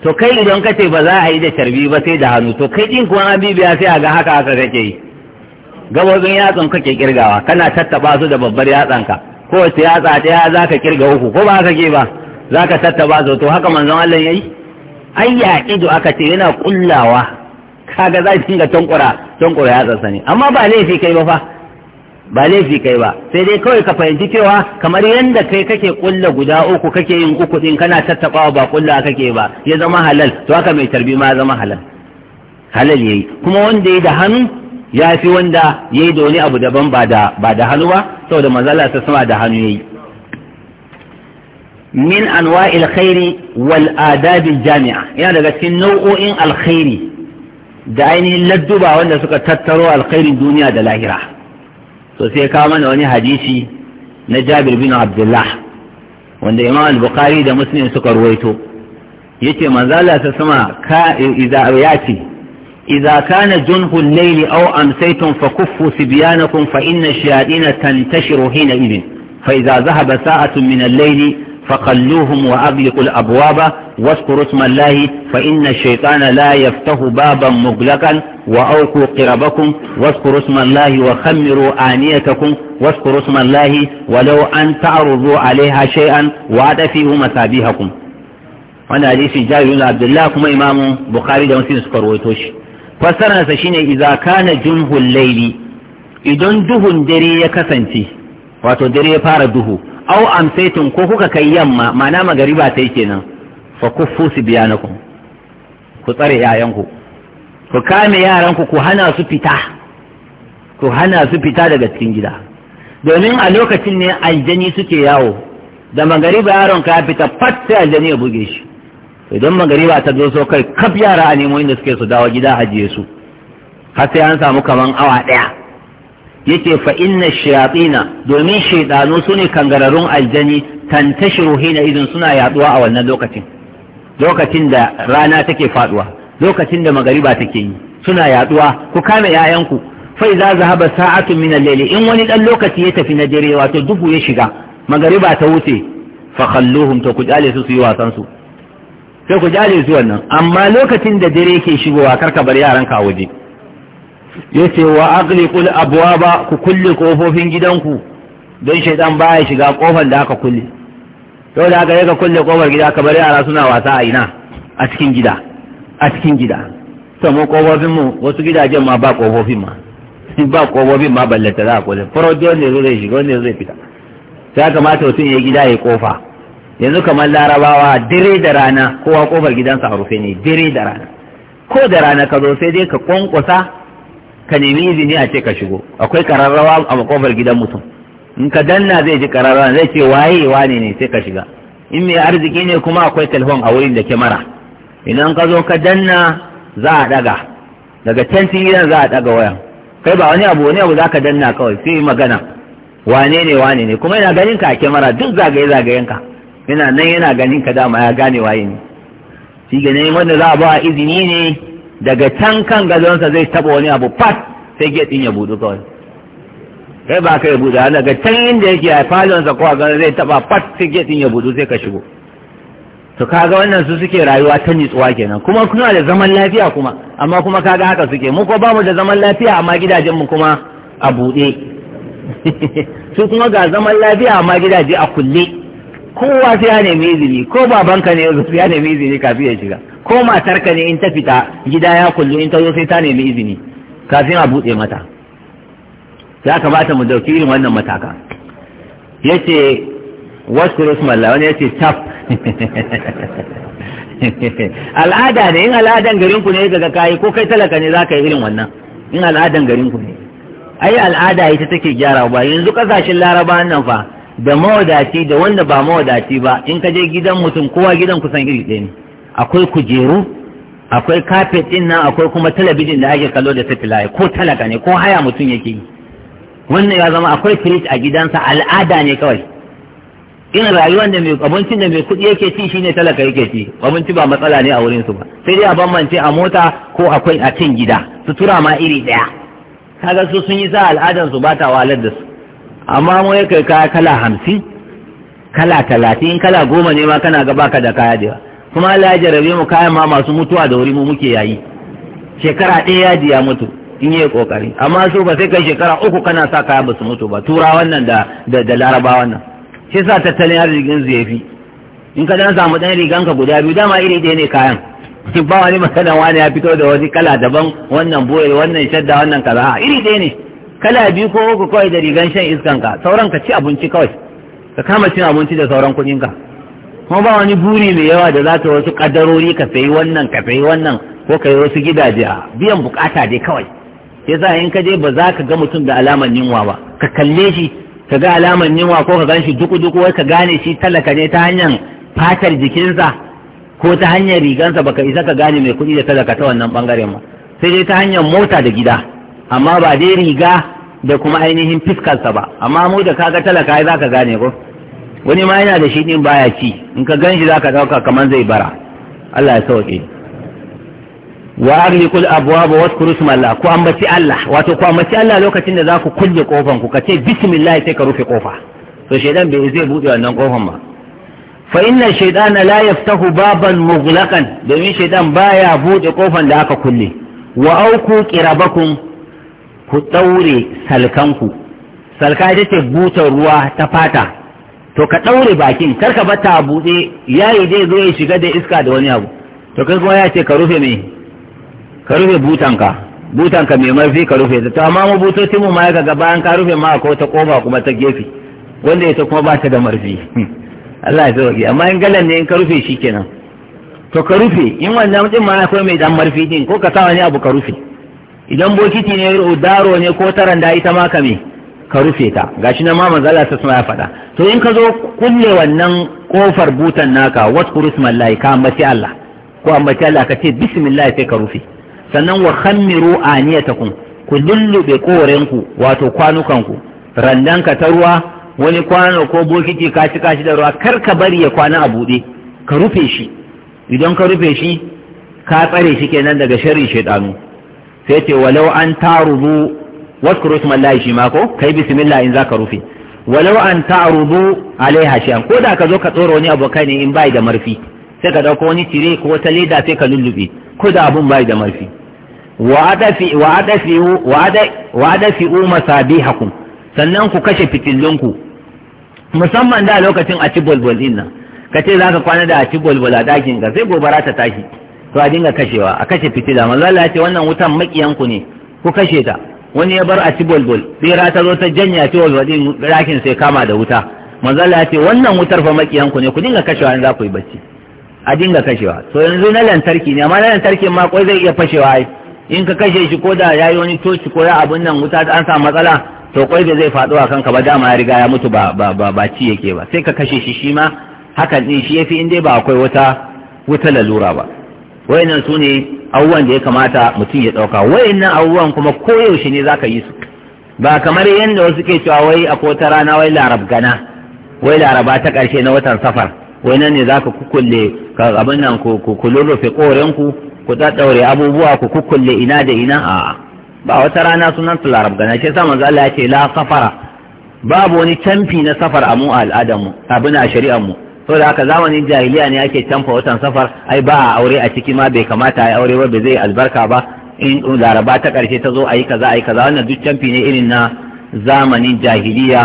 to kai idan ka ce ba za a yi da carbi ba sai da hannu to kai ɗin kuwa bibiya sai a ga haka haka kake yi gabobin yatsun kake kirgawa kana tattaba su da babbar yatsanka kowace yatsa ɗaya za ka kirga uku ko ba haka ke ba za ka tattaba su to haka manzon Allah ya yi ai ya ido aka ce yana kullawa kaga za shi ga tankura tankura yatsa sani amma ba laifi kai ba fa ba laifi kai ba sai dai kawai ka fahimci cewa kamar yadda kai kake kulla guda uku kake yin uku din kana tattabawa ba kulla kake ba ya zama halal to haka mai tarbi ma zama halal halal yayi kuma wanda yayi da hannu ya fi wanda yayi da wani abu daban ba da ba da hannu ba saboda manzala ta sama da hannu yayi min anwa'il khairi wal adabil jami'a yana daga cikin nau'o'in alkhairi da ainihin ladduba wanda suka tattaro alkhairin duniya da lahira to sai kawo mana wani hadisi na jabir bin abdullah wanda imam al-bukhari da muslim suka ruwaito yace manzo Allah ta sama ka idza yati idza kana junhu al-layl aw amsaytum fakuffu sibyanakum fa inna ash-shayatin tantashiru hina idin fa idza dhahaba sa'atun min al-layl فقلوهم وأغلقوا الأبواب واذكروا اسم الله فإن الشيطان لا يفتح بابا مغلقا وأوقوا قربكم واذكروا اسم الله وخمروا آنيتكم واذكروا اسم الله ولو أن تعرضوا عليها شيئا وأدفئوا مسابيحكم وانا حديث جابر بن عبد الله كما إمام بخاري ده مسلم سكرويتوش فسرنا شيء إذا كان جنه الليل إذن دهن دري يكسنتي واتو دري فار دهو au amsaytum ko kuka kai yamma ma'ana magariba sai kenan fa kuffu sibyanakum ku tsare yayanku ku kame yaranku ku hana su fita ku hana su fita daga cikin gida domin a lokacin ne aljani suke yawo da magariba yaron ka fita fat sai aljani ya buge shi idan magariba ta zo so kai kaf yara a nemo inda suke su dawo gida ajiye su har sai an samu kaman awa ɗaya yake fa'in inna shayatina domin shaidanu su ne kangararrun aljani tantashiru hina idin suna yaduwa a wannan lokacin lokacin da rana take faduwa lokacin da magariba take yi suna yaduwa ku kame yayanku fa idza haba sa'atu min lele in wani dan lokaci ya tafi na dare wato dubu ya shiga magariba ta wuce fa khalluhum to ku jale su su yi wasan su sai ku jale su wannan amma lokacin da dare ke shigowa karka bar yaranka a waje yace wa aghliqul abwaba ku kulle kofofin gidanku don shaidan baya shiga kofar da aka kulle to da aka yaga kulle kofar gida ka bari yara suna wasa a ina a cikin gida a cikin gida samu kofofin mu wasu gidajen ma ba kofofin ma ba kofofin ma ballanta za a kulle farauti wanda zai shiga wanda zai fita sai kamata mutum ya gida ya kofa yanzu kamar larabawa dare da rana kowa kofar gidansa a rufe ne dare da rana ko da rana ka zo sai dai ka kwankwasa ka nemi izini a ce ka shigo akwai kararrawa a makofar gidan mutum in ka danna zai ji kararrawa zai ce waye wane ne sai ka shiga in mai arziki ne kuma akwai telefon a wurin da kyamara idan ka zo ka danna za a daga daga can gidan za a daga wayan kai ba wani abu wani abu za ka danna kawai sai yi magana wane ne wane ne kuma yana ganin ka a kyamara duk zagaye zagayen ka yana nan yana ganin ka dama ya gane waye ne shi ganin wanda za a ba izini ne daga can kan gadonsa zai taba wani abu fat sai gate ya budu kawai kai ba ka kai budu daga can inda yake a falonsa ko a zai taba fat sai gate ya budu sai ka shigo to kaga wannan su suke rayuwa ta nitsuwa kenan kuma kuna da zaman lafiya kuma amma kuma kaga haka suke mu ko bamu da zaman lafiya amma gidajen mu kuma a buɗe su kuma ga zaman lafiya amma gidaje a kulle kowa sai ya nemi izini ko babanka ne yanzu ya nemi izini kafin ya shiga ko ka ne in ta fita gida ya kullu in ta zo sai ta nemi izini kafin a buɗe mata ya kamata mu dauki irin wannan mataka yace wasu rusmalla wani yace tap. al'ada ne in al'adan garin ku ne daga kayi ko kai talaka ne za ka yi irin wannan in al'adan garin ku ne ai al'ada ita take gyara ba yanzu kasashen laraba nan fa da mawadaci da wanda ba mawadaci ba in ka je gidan mutum kowa gidan kusan iri ɗaya ne akwai kujeru akwai kafet din nan akwai kuma talabijin da ake kallo da satellite ko talaka ne ko haya mutum yake yi wannan ya zama akwai firij a gidansa al'ada ne kawai in rayuwar da mai abincin da mai kuɗi yake ci shine talaka yake ci abinci ba matsala ne a wurin su ba sai dai a bambance a mota ko akwai a cin gida sutura ma iri ɗaya kaga su sun yi sa al'adar su bata ta wahalar da su amma mu ya kai kaya kala hamsin kala talatin kala goma ne ma kana ga baka da kaya da yawa kuma Allah ya jarabe mu kayan ma masu mutuwa da wuri mu muke yayi shekara ɗaya ya diya mutu in yi kokari amma su ba sai kai shekara uku kana sa kaya ba su mutu ba tura wannan da da larabawan nan shi sa tattalin arzikin zai in ka dan samu dan rigan ka guda biyu dama iri ɗaya ne kayan ba wani magana wani ya fito da wani kala daban wannan boye wannan shadda wannan kaza iri ɗaya ne kala biyu ko uku kawai da rigan shan iskan ka sauran ka ci abinci kawai ka kama cin abinci da sauran kuɗin ka kuma ba wani buri mai yawa da za ka wasu kadarori ka sayi wannan ka sayi wannan ko ka yi wasu gidaje a biyan bukata dai kawai ya sa in ka je ba za ka ga mutum da alaman yunwa ba ka kalle shi ka ga alamar yunwa ko ka gan shi duku duku wai ka gane shi talaka ne ta hanyar fatar jikinsa ko ta hanyar rigansa ka isa ka gane mai kuɗi da talaka ta wannan bangaren ba sai dai ta hanyar mota da gida amma ba dai riga da kuma ainihin fiskarsa ba amma mu da ga talaka ai za ka gane ko wani ma yana da shi din baya ci in ka ganshi zaka dauka kaman zai bara Allah ya sauke wa aghliqul abuwa ba isma Allah ku ambaci Allah wato ku ambaci Allah lokacin da zaku kulle kofan ku kace bismillah sai ka rufe kofa to shaidan bai zai bude wannan kofan ba fa inna shaytana la yaftahu baban mughlaqan domin shaytan baya buɗe kofan da aka kulle wa auku qirabakum ku daure salkanku salka ita ce butar ruwa ta fata to ka ɗaure bakin kar ka bata a buɗe yi dai zo ya shiga da iska da wani abu to kai kuma ya ce ka rufe me ka rufe butanka butanka mai marfi ka rufe to amma mu butoci mu ma ga bayan ka rufe ma ko ta koma kuma ta gefe wanda ita kuma ba ta da marfi Allah ya sauke amma in galan ne in ka rufe shi kenan to ka rufe in wannan din ma akwai mai dan marfi din ko ka sa wani abu ka rufe idan bokiti ne daro ne ko taranda ita ma ka mai ka rufe ta gashi na ma Allah ta ya faɗa to in ka zo kulle wannan kofar butan naka wat kurismallahi ka ambaci Allah ko ambaci Allah ka ce bismillah sai ka rufe sannan wa khammiru aniyatakum ku lullube korenku wato kwanukanku randanka ta ruwa wani kwano ko bokiti ka cika da ruwa kar ka bari ya kwana a buɗe ka rufe shi idan ka rufe shi ka tsare shi kenan daga sharri shaidanu sai ce walau an tarubu واذكروا اسم الله شي ماكو كاي بسم الله ان ذاك رفي ولو ان تعرضوا عليها شيئا ko da ka zo ka tsoro ni abu ne in bai da marfi sai ka dauko wani tire ko wata leda sai ka lullube ko da abun bai da marfi wa adafi wa adafi wa adafi wa adafi masabihakum sannan ku kashe ku musamman da lokacin a ci bolbol din nan ka ce za ka kwana da a ci bolbol a dakin ka sai gobara ta tashi to a dinga kashewa a kashe fitila manzo Allah ya ce wannan wutan makiyanku ne ku kashe ta wani ya bar a ci bolbol tsira ta zo ta janya ci wani ya rakin sai kama da wuta manzo ya ce wannan wutar fa makiyanku ne ku dinga kashewa in za ku yi bacci a dinga kashewa to yanzu na lantarki ne amma na lantarki ma kwai zai iya fashewa ai in ka kashe shi ko da yayi wani toci ko ya abun nan wuta an sa matsala to kwai da zai faɗo a kanka ba dama ya riga ya mutu ba ba ba, ba ci yake ba sai ka kashe shi shi ma hakan din shi yafi in dai ba akwai wata wuta lalura ba wayannan su ne abubuwan da ya kamata mutum ya ɗauka wayannan abubuwan kuma koyaushe ne za ka yi su ba kamar yadda wasu ke cewa wai a kota rana wai larab gana wai laraba ta ƙarshe na watan safar wai nan ne za ka kukulle abin nan ku kulurrufe korenku? ku ɗaɗɗaure abubuwa ku kukulle ina da ina a ba wata rana sunan su larab gana shi yasa manzo Allah ya ce la safara babu wani canfi na safar a mu al'adamu abin a shari'ar mu so da haka zamanin jahiliya ne ake canfa watan safar ai ba a aure a ciki ma bai kamata yi aure ba bai zai albarka ba in laraba ta karshe ta zo yi kaza yi kaza wannan duk canfi ne irin na zamanin jahiliya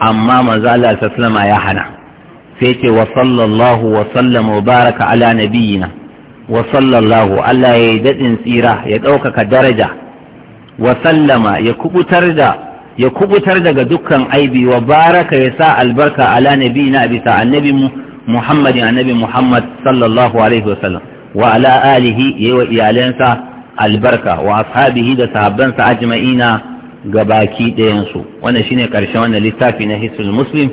amma manzo Allah sallama ya hana sai ce wa sallallahu wa sallama wa baraka ala nabiyina wa sallallahu Allah ya yi dadin tsira ya ɗaukaka daraja wa sallama ya kubutar da ya kubutar daga dukkan aibi wa baraka ya sa albarka ala nabi na bisa annabi muhammadin annabi muhammad sallallahu alaihi wasallam wa ala alihi yayi wa iyalansa albarka wa ashabihi da sahabbansa ajma'ina gabaki ɗayansu wannan shine karshen wannan littafi na hisul muslim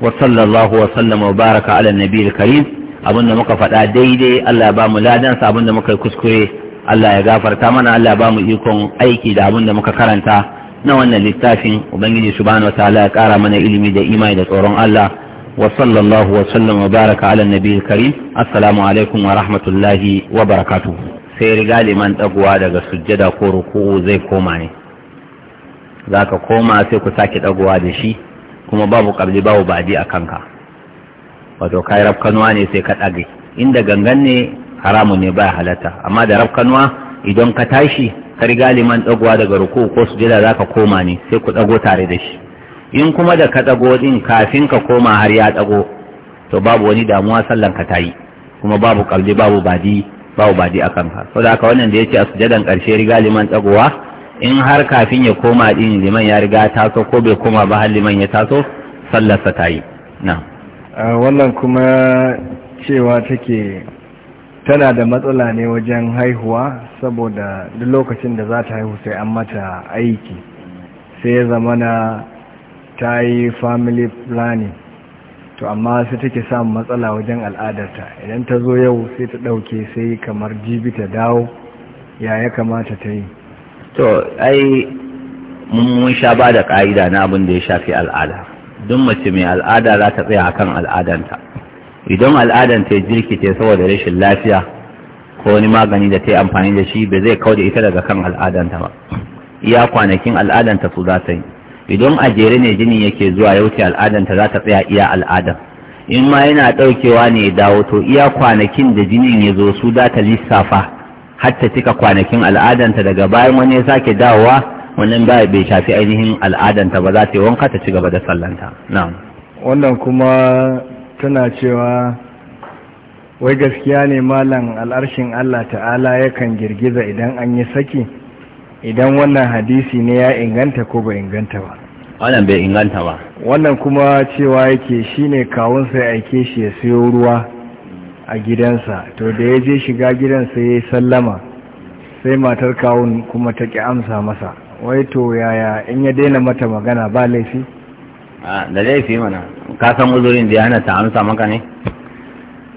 wa sallallahu wa sallam wa baraka ala nabi karim abinda muka faɗa daidai Allah ba mu ladansa abinda muka kuskure Allah ya gafarta mana Allah ba mu ikon aiki da abinda muka karanta na wannan littafin ubangiji subhanahu wataala ya kara mana ilimi da imani da tsoron Allah wa sallallahu wa sallam wa baraka ala nabiyil karim assalamu alaikum wa rahmatullahi wa barakatuh sai riga liman dagowa daga sujjada ko ruku'u zai koma ne zaka koma sai ku sake dagowa da shi kuma babu kabli babu badi a kanka wato kai rafkanuwa ne sai ka dage inda gangan ne haramun ne ba halatta amma da rafkanuwa idan ka tashi ka riga liman ɗagowa daga ruku ko sujada za ka koma ne sai ku ɗago tare da shi in kuma da ka ɗago ɗin kafin ka koma har ya ɗago to babu wani damuwa sallan ka ta yi kuma babu ƙalbi babu badi babu badi a kanka saboda ka haka wannan da ya ce a sujadan ƙarshe riga liman ɗagowa in har kafin ya koma ɗin liman ya riga taso ko bai koma ba har liman ya taso sallarsa ta yi na wannan kuma cewa take tana da matsala ne wajen haihuwa saboda duk lokacin da za ta haihu sai an mata aiki sai ya zama na ta yi family planning to amma sai take samun matsala wajen al'adarta idan ta zo yau sai ta ɗauke sai kamar jibi ta dawo ya ya kamata ta yi to ai mun sha ba da ƙa'ida na abin da ya shafi al'ada duk mace mai al'ada za ta tsaya kan al'adanta idan al'adar ta jirkice saboda rashin lafiya ko wani magani da ta yi amfani da shi ba zai kauda ita daga kan al'adanta ba iya kwanakin al'adanta su za ta yi idan a jere ne jini yake zuwa ya al'adar ta za ta tsaya iya al'adan in ma yana ɗaukewa ne ya dawo to iya kwanakin da jinin ya zo su za ta lissafa har ta cika kwanakin al'adanta daga bayan wani ya sake dawowa wannan ba bai shafi ainihin al'adanta ba za ta yi wanka ta ci gaba da sallanta na'am wannan kuma tana cewa wai gaskiya ne malam al'arshin Allah ta'ala yakan girgiza idan an yi saki idan wannan hadisi ne ya inganta ko ba inganta ba wannan bai inganta ba wannan kuma cewa yake shine kawun sai aike shi ya siyo ruwa a gidansa to da ya je shiga gidansa ya yi sallama sai matar kawun kuma ta ki amsa masa wai to yaya in ya daina mata magana ba laifi a ah, da laifi mana ka san uzurin da yana ta amsa maka ne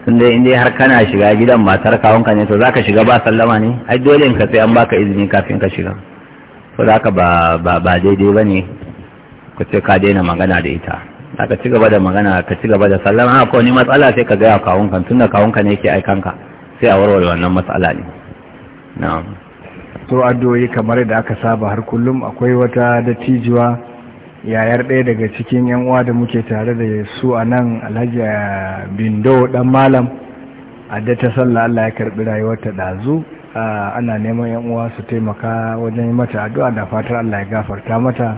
tun dai dai har kana shiga gidan matar kawunka ne to za ka shiga ba sallama ne ai dole ka sai an baka izini kafin ka shiga to ka ba ba ba daidai ka ku ce ka daina magana da ita ka ci gaba da magana ka ci gaba da sallama ko ni matsala sai ka gaya kawunka tun da kawunka ne ke aikanka sai a warware wannan matsala ne na'am to addu'o'i kamar da aka saba har kullum akwai wata dattijuwa yayar ɗaya daga cikin yan uwa da muke tare da su a nan alhaji eh, bindo dan malam adda ta sallah Allah ya karbi rayuwarta ɗazu eh, ana neman yan uwa su taimaka wajen yi mata addu'a da fatar Allah ya gafarta mata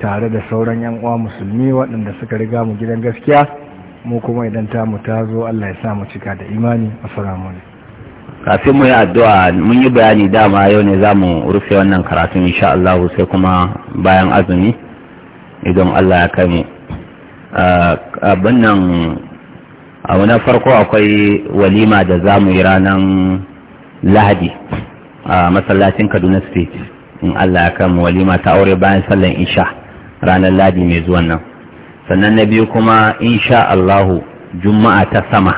tare da sauran yan uwa musulmi waɗanda suka riga mu gidan gaskiya mu kuma idan ta mu ta zo Allah ya sa mu cika da imani assalamu kafin mu yi addu'a mun yi bayani dama yau ne za mu rufe wannan karatun insha sai kuma bayan azumi idan Allah ya kai mu a wani farko akwai walima da za mu yi ranar lahadi a masallacin kaduna state in Allah ya kai walima ta aure bayan sallan isha ranar lahadi mai zuwan nan sannan na biyu kuma insha Allahu juma'a ta sama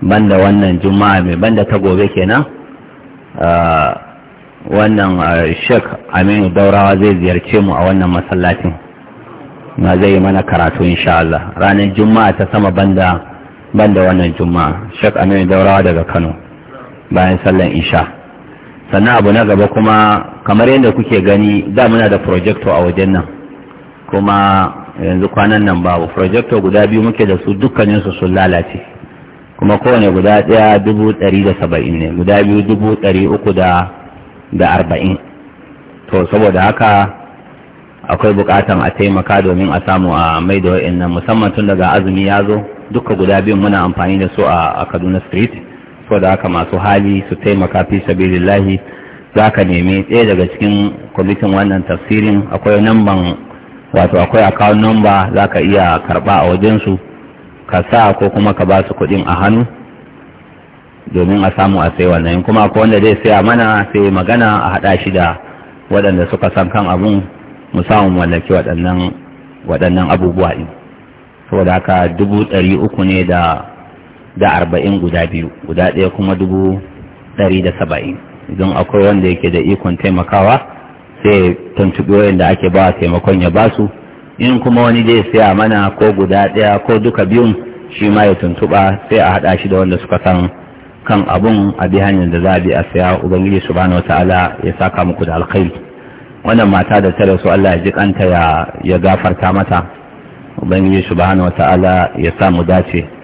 banda wannan juma'a mai banda ta gobe kenan wannan shek aminu daurawa zai ziyarce mu a wannan masallacin na zai mana karatu insha Allah ranar juma'a ta sama banda banda wannan juma'a Sheikh Aminu Daurawa daga Kano bayan sallan isha sannan abu na gaba kuma kamar yadda kuke gani da muna da projector a wajen nan kuma yanzu kwanan nan babu projector guda biyu muke da su dukkaninsu sun lalace kuma kowane guda ɗaya dubu dari da saba'in ne guda biyu dubu dari uku da arba'in to saboda haka akwai bukatan a taimaka domin a samu a mai da nan musamman tun daga azumi ya zo duka guda biyun muna amfani da su a kaduna street so da aka masu hali su taimaka fi sabilillahi za ka nemi ɗaya daga cikin kwamitin wannan tafsirin akwai namban wato akwai akawun number za ka iya karba a wajensu ka sa ko kuma ka ba su kuɗin a hannu domin a samu a sai wannan kuma akwai wanda zai saya mana sai magana a haɗa shi da waɗanda suka san kan abun mu samu mallaki waɗannan waɗannan abubuwa ɗin saboda haka dubu ɗari uku ne da da arba'in guda biyu guda ɗaya kuma dubu ɗari da saba'in idan akwai wanda yake da ikon taimakawa sai tuntuɓi da ake ba taimakon ya ba su in kuma wani zai saya mana ko guda ɗaya ko duka biyun shi ma ya tuntuɓa sai a haɗa shi da wanda suka san kan abun a bi hanyar da za a bi a saya ubangiji subhanahu wataala ya saka muku da alkhairi wannan mata da ta rasu Allah ya ji kanta ya gafarta mata ubangiji subhanahu wata'ala ya samu dace